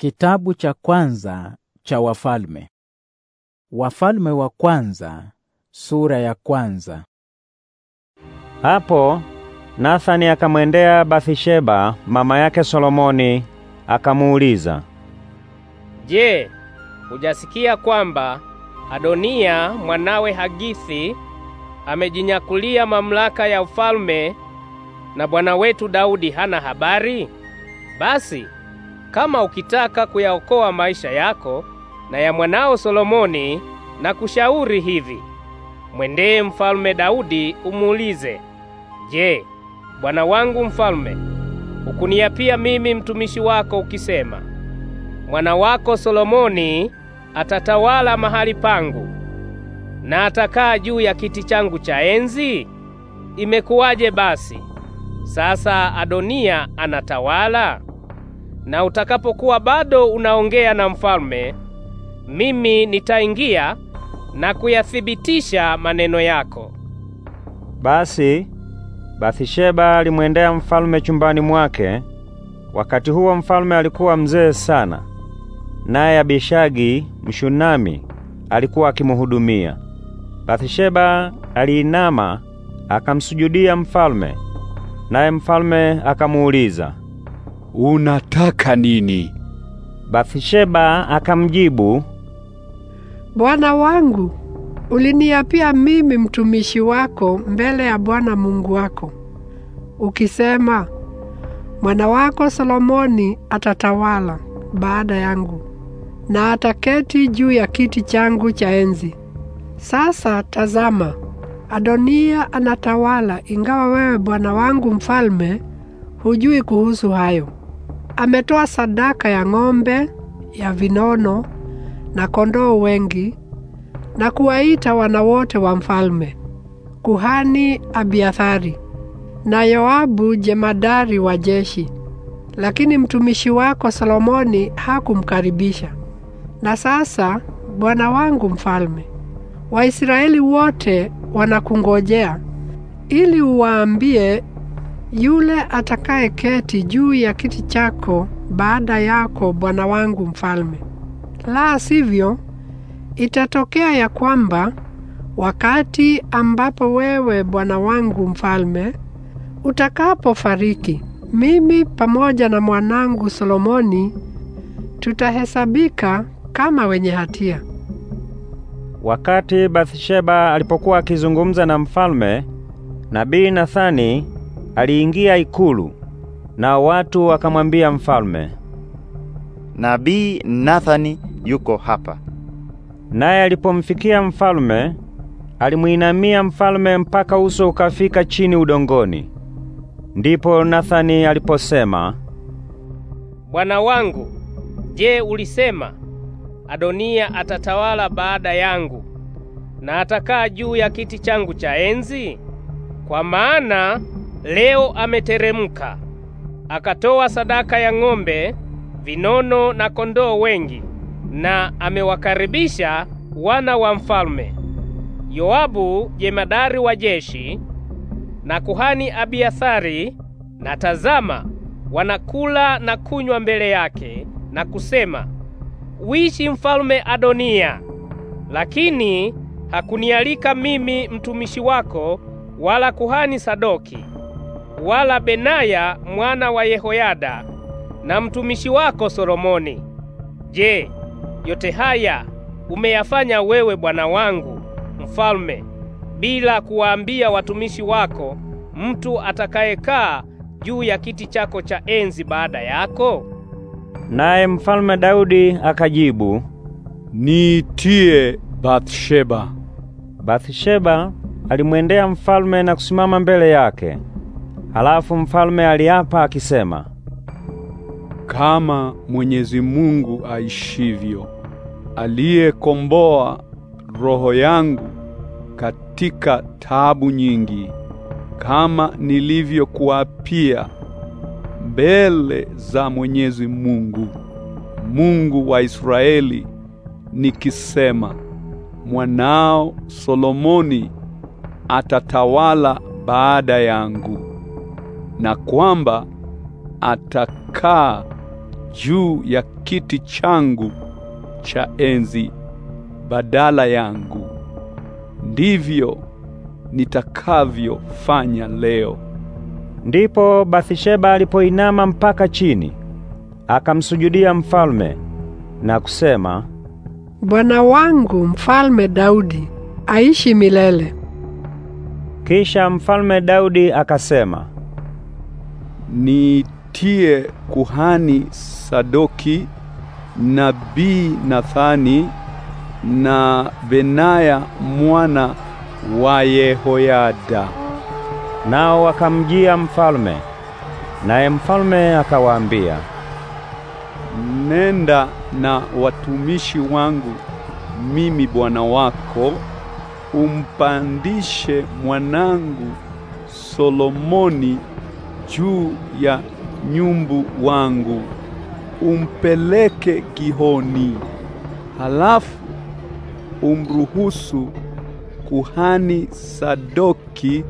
Kitabu cha kwanza cha Wafalme. Wafalme wa kwanza, sura ya kwanza. Hapo Nathani akamwendea Bathsheba mama yake Solomoni akamuuliza, Je, hujasikia kwamba Adonia mwanawe Hagithi amejinyakulia mamlaka ya ufalme na bwana wetu Daudi hana habari? Basi kama ukitaka kuyaokoa maisha yako na ya mwanao Solomoni, na kushauri hivi: mwendee mfalme Daudi umuulize, Je, bwana wangu mfalme, ukuniapia mimi mtumishi wako ukisema, mwana wako Solomoni atatawala mahali pangu na atakaa juu ya kiti changu cha enzi? Imekuwaje basi sasa Adonia anatawala? na utakapokuwa bado unaongea na mfalme, mimi nitaingia na kuyathibitisha maneno yako. Basi bathisheba alimwendea mfalme chumbani mwake. Wakati huo mfalme alikuwa mzee sana, naye Abishagi Mshunami alikuwa akimuhudumia. Bathisheba aliinama akamsujudia mfalme, naye mfalme akamuuliza, unataka nini? Bathsheba akamjibu, Bwana wangu, uliniapia mimi mtumishi wako mbele ya Bwana Mungu wako ukisema, mwana wako Solomoni atatawala baada yangu na ataketi juu ya kiti changu cha enzi. Sasa tazama, Adonia anatawala, ingawa wewe bwana wangu mfalme hujui kuhusu hayo ametoa sadaka ya ng'ombe ya vinono na kondoo wengi na kuwaita wana wote wa mfalme, kuhani Abiathari na Yoabu jemadari wa jeshi. Lakini mtumishi wako Solomoni hakumkaribisha. Na sasa, bwana wangu mfalme, Waisraeli wote wanakungojea ili uwaambie yule keti juu ya kiti chako baada yako, bwana wangu mfalme. La sivyo, itatokea ya kwamba wakati ambapo wewe bwana wangu mfalme utakapofariki, mimi pamoja na mwanangu Solomoni tutahesabika kama wenye hatia. Wakati Bathsheba alipokuwa akizungumza na mfalme, nabii Nathani aliingia ikulu, na watu wakamwambia mfalme, Nabii Nathani yuko hapa. Naye alipomfikia mfalme, alimuinamia mfalme mpaka uso ukafika chini udongoni. Ndipo Nathani aliposema, Bwana wangu, je, ulisema Adonia atatawala baada yangu na atakaa juu ya kiti changu cha enzi? Kwa maana leo ameteremka akatoa sadaka ya ng'ombe, vinono na kondoo wengi, na amewakaribisha wana wa mfalme Yoabu jemadari wa jeshi na kuhani Abiathari, na tazama, wanakula na kunywa mbele yake na kusema, wishi mfalme Adonia. Lakini hakunialika mimi mtumishi wako wala kuhani Sadoki wala Benaya mwana wa Yehoyada na mtumishi wako Solomoni. Je, yote haya umeyafanya wewe bwana wangu mfalme bila kuwaambia watumishi wako mtu atakayekaa juu ya kiti chako cha enzi baada yako? Naye mfalme Daudi akajibu, niitie Bathsheba. Bathsheba alimwendea mfalme na kusimama mbele yake. Halafu mfalme aliapa akisema, kama Mwenyezi Mungu aishivyo, aliyekomboa roho yangu katika taabu nyingi, kama nilivyokuapia mbele za Mwenyezi Mungu, Mungu wa Israeli, nikisema mwanao Solomoni atatawala baada yangu na kwamba atakaa juu ya kiti changu cha enzi badala yangu. Ndivyo nitakavyofanya leo. Ndipo bathisheba alipoinama mpaka chini akamsujudia mfalme na kusema, Bwana wangu Mfalme Daudi aishi milele. Kisha Mfalme Daudi akasema nitie kuhani Sadoki, nabii Nathani na Benaya mwana wa Yehoyada. Nao wakamjia mfalme, naye mfalme akawaambia, nenda na watumishi wangu mimi bwana wako umpandishe mwanangu Solomoni juu ya nyumbu wangu umpeleke gihoni halafu umruhusu kuhani Sadoki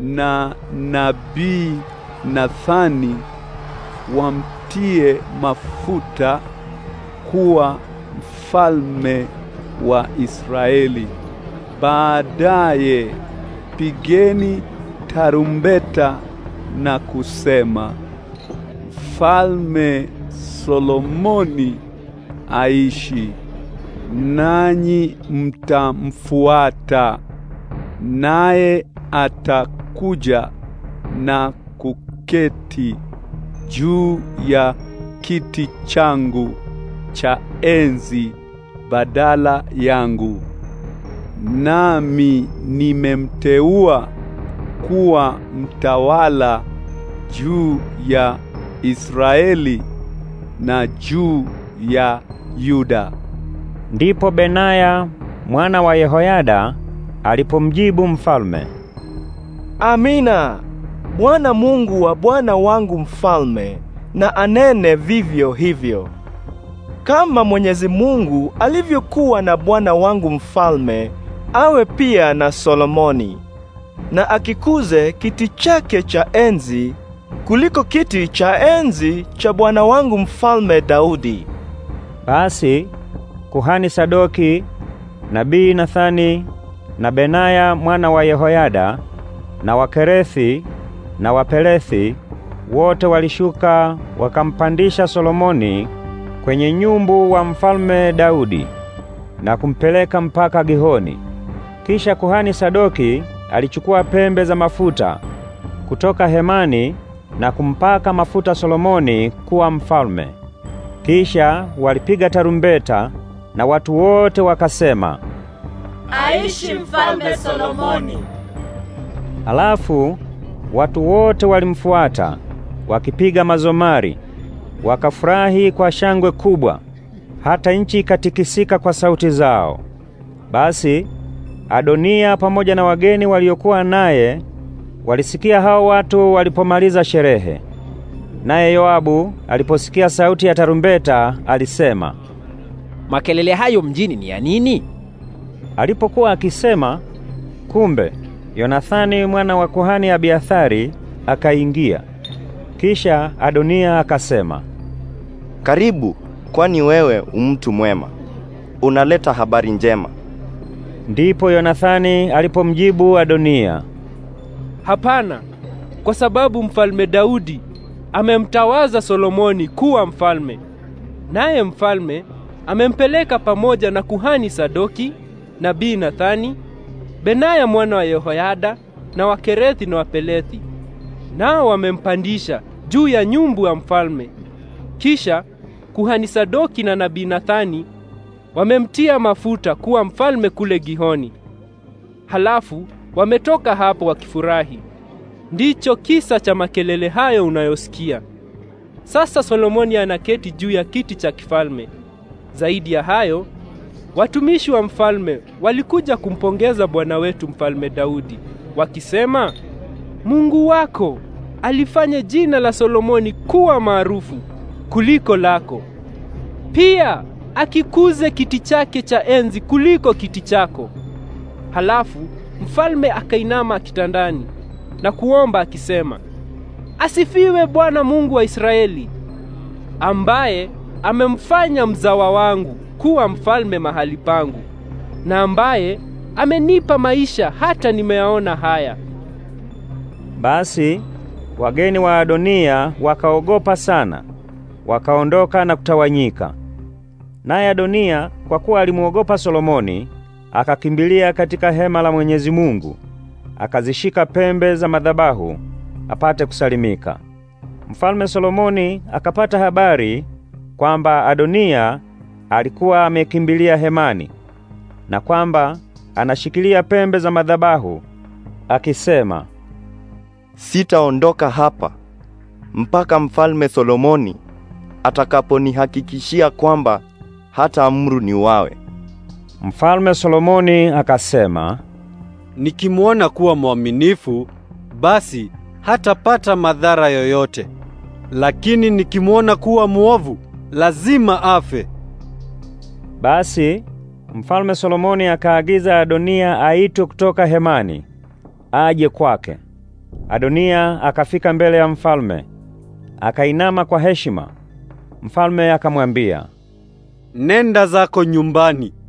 na nabii Nathani wamtie mafuta kuwa mfalme wa Israeli. Baadaye pigeni tarumbeta na kusema, Mfalme Solomoni aishi, nanyi mtamfuata, naye atakuja na kuketi juu ya kiti changu cha enzi badala yangu, nami nimemteua kuwa mtawala juu ya Israeli na juu ya Yuda. Ndipo Benaya mwana wa Yehoyada alipomjibu mfalme, Amina, Bwana Mungu wa bwana wangu mfalme na anene vivyo hivyo. Kama Mwenyezi Mungu alivyokuwa na bwana wangu mfalme, awe pia na Solomoni na akikuze kiti chake cha enzi kuliko kiti cha enzi cha bwana wangu mfalme Daudi. Basi kuhani Sadoki, nabii Nathani na Benaya mwana wa Yehoyada na Wakerethi na Wapelethi wote walishuka wakampandisha Solomoni kwenye nyumbu wa mfalme Daudi na kumpeleka mpaka Gihoni. Kisha kuhani Sadoki alichukua pembe za mafuta kutoka hemani na kumpaka mafuta Solomoni kuwa mfalme. Kisha walipiga tarumbeta na watu wote wakasema, Aishi mfalme Solomoni! Alafu watu wote walimfuata wakipiga mazomari, wakafurahi kwa shangwe kubwa, hata nchi ikatikisika kwa sauti zao. Basi Adonia pamoja na wageni waliokuwa naye walisikia hao watu walipomaliza sherehe. Naye Yoabu aliposikia sauti ya tarumbeta alisema, makelele hayo mjini ni ya nini? Alipokuwa akisema, kumbe Yonathani mwana wa kuhani Abiathari akaingia. Kisha Adonia akasema, karibu, kwani wewe umtu mwema, unaleta habari njema Ndipo Yonathani alipomjibu Adonia, hapana, kwa sababu mfalme Daudi amemtawaza Solomoni kuwa mfalme, naye mfalme amempeleka pamoja na kuhani Sadoki, nabii Nathani, Benaya mwana wa Yehoyada na Wakerethi na Wapelethi, nao wamempandisha juu ya nyumbu ya mfalme. Kisha kuhani Sadoki na nabii Nathani wamemtia mafuta kuwa mfalme kule Gihoni. Halafu wametoka hapo wakifurahi. Ndicho kisa cha makelele hayo unayosikia. Sasa Solomoni anaketi juu ya kiti cha kifalme. Zaidi ya hayo, watumishi wa mfalme walikuja kumpongeza bwana wetu Mfalme Daudi wakisema, Mungu wako alifanya jina la Solomoni kuwa maarufu kuliko lako. Pia akikuze kiti chake cha enzi kuliko kiti chako. Halafu mfalme akainama kitandani na kuomba akisema, Asifiwe Bwana Mungu wa Israeli, ambaye amemfanya mzawa wangu kuwa mfalme mahali pangu na ambaye amenipa maisha hata nimeyaona haya. Basi wageni wa Adonia wakaogopa sana, wakaondoka na kutawanyika. Naye Adonia kwa kuwa alimuogopa Solomoni, akakimbilia katika hema la Mwenyezi Mungu, akazishika pembe za madhabahu apate kusalimika. Mfalme Solomoni akapata habari kwamba Adonia alikuwa amekimbilia hemani na kwamba anashikilia pembe za madhabahu akisema, sitaondoka hapa mpaka mfalme Solomoni atakaponihakikishia kwamba hata amuru ni wawe. Mfalme Solomoni akasema, nikimuona kuwa mwaminifu, basi hatapata madhara yoyote, lakini nikimuona kuwa muovu, lazima afe. Basi Mfalme Solomoni akaagiza Adonia aitwe kutoka hemani aje kwake. Adonia akafika mbele ya mfalme, akainama kwa heshima. Mfalme akamwambia, nenda zako nyumbani.